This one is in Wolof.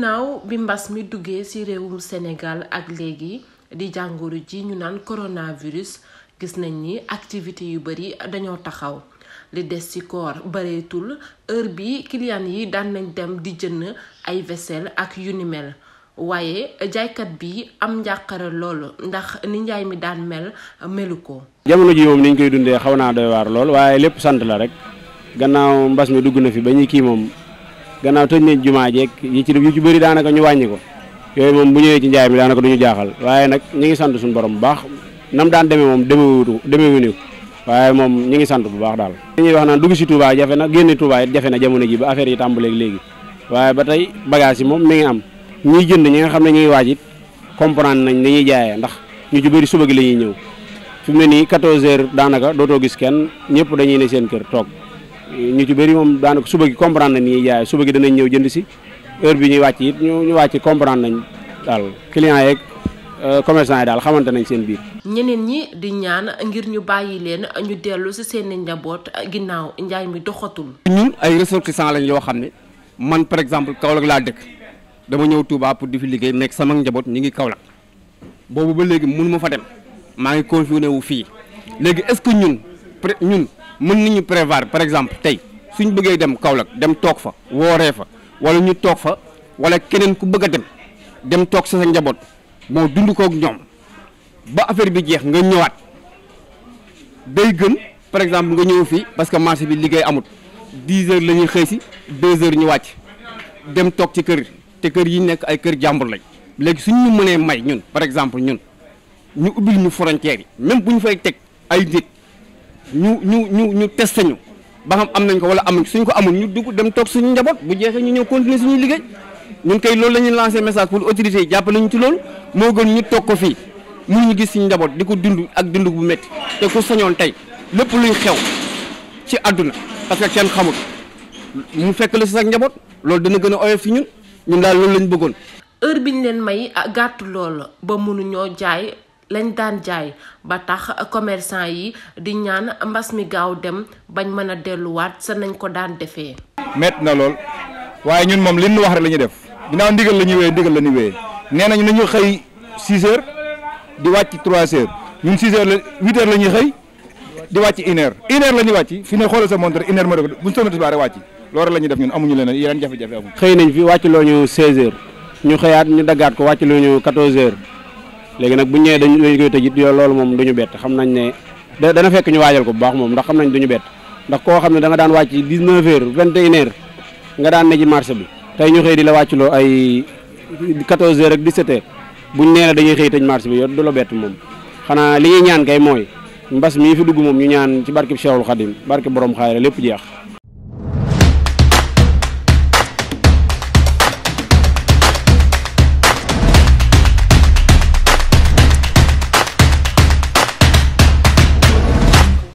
ginnaaw bi mbas mi duggee ci réewum Sénégal ak léegi di jàngoro ji ñu naan coronavirus gis nañ ni activité yu bari dañoo taxaw li des ci koor bareetul heure bi client yi daan nañ dem di jënd ay vaisselle ak yu ni mel waaye jaaykat bi am njàqare lool ndax ni njaay mi daan mel melu ko. jamono ji moom niñ koy dundee xaw naa doy waar lool waaye lépp sant la rek gannaaw mbas mi dugg na fi ba ñuy kii moom. gannaaw tëj nañ jumaa jeeg yi ci ci bëri daanaka ñu wàññi ko yooyu moom bu ñëwee ci njaay mi daanaka duñu jaaxal waaye nag ñu ngi sant suñu borom bu baax nam daan demee moom demewutu demewuñu waaye moom ñu ngi sant bu baax daal dañuy wax naan dugg si Touba jafe na génn Touba it jafe na jamono ji ba affaire yi tàmbalee léegi waaye ba tey bagage yi moom mi ngi am ñuy jënd ñi nga xam ne ñuy waaj it comprendre nañ ni ñuy jaayee ndax ñu ci bëri suba gi la ñuy ñëw fi mu ne nii 14 heures daanaka dootoo gis kenn ñëpp dañuy ne seen kër toog ñu ci bëri moom daanaka suba gi comprendre nañ ñuy suba gi danañ ñëw jënd si heure bi ñuy wàcc it ñu ñu wàcc comprendre nañ daal client yeeg euh, commerçant yi daal xamante nañ seen biir. ñeneen ñi di ñaan ngir ñu bàyyi leen ñu dellu si seen njaboot ginnaaw njaay mi doxatul. ñun ay ressortissants lañ yoo xam ne man par exemple Kaolack laa dëkk dama ñëw Touba pour di fi liggéey nekk sama njaboot ñu ngi Kaolack boobu ba léegi mënu fa dem maa ngi confiné wu fii mën nañu prévoir par exemple tey ñu bëggee dem Kaolack dem toog fa wooree fa wala ñu toog fa wala keneen ku bëgg a dem dem toog sa njaboot moo dundu kook ñoom ba affaire bi jeex nga ñëwaat day gën par exemple nga ñëw fii parce que marché bi liggéey amut dix heures la ñuy xëy si deux heures ñu wàcc dem toog ci kër te kër yi nekk ay kër jàmbur lañ léegi suñ ñu mënee may ñun par exemple ñun ñu ubbil ñu frontières yi même bu ñu fay teg ay nit ñu ñu ñu ñu testé ñu ba xam am nañ ko wala amuñ suñ ko amul ñu dugg dem toog suñu njaboot bu jeexee ñu ñëw continuer suñuy liggéey ñun koy loolu la ñuy lancé message pour autorités yi jàppale ñu ci loolu moo gën ñu toog ko fii mënuñu gis suñu njaboot di ko dund ak dund bu métti te ku sañoon tey lépp luy xew ci àdduna parce que kenn xamul mu fekk la si sax njaboot loolu dana gën a oyof si ñun ñun daal loolu lañ bëggoon. heure bi ñu leen may ah, gàtt lool ba mënuñoo jaay. lañ daan jaay ba tax commercant yi di ñaan mbas mi gaaw dem bañ mën a delluwaat sa nañ ko daan defee. mett na lool waaye ñun moom li ñu wax rek la ñuy def ginnaaw ndigal la ñuy wéyee ndigal la ñuy wéyee nee nañ nañu xëy 6 heures di wàcc 3 heures ñun 6 heures la 8 heures la ñuy xëy di wàcc 1 heure 1 heure la ñuy wàcc fi ne xoolal sa montre 1 heure moo def bu ñu soobee tisbaar wàcc loolu la def ñun amuñu leneen yeneen jafe-jafe amuñu. xëy nañ fi wàcc loo ñu 16 heures ñu xëyaat ñu daggaat ko wàcc loo ñu 14 heures. léegi nag bu ñëwee dañu dañ koy tëj loolu moom duñu bett xam nañ ne dana fekk ñu waajal ko bu baax moom ndax xam nañ duñu bett ndax koo xam ne da daan wàcc 19 heures 21 heures nga daan ne ci marché bi tey ñu xëy di la wàcc loo ay 14 heures ak 17 heures buñ nee la dañuy xëy tëj marché bi yow du la bett moom xanaa li ñuy ñaan kay mooy mbas mii fi dugg moom ñu ñaan ci barkeb Cheikhul Khadim barke borom xaayra lépp jeex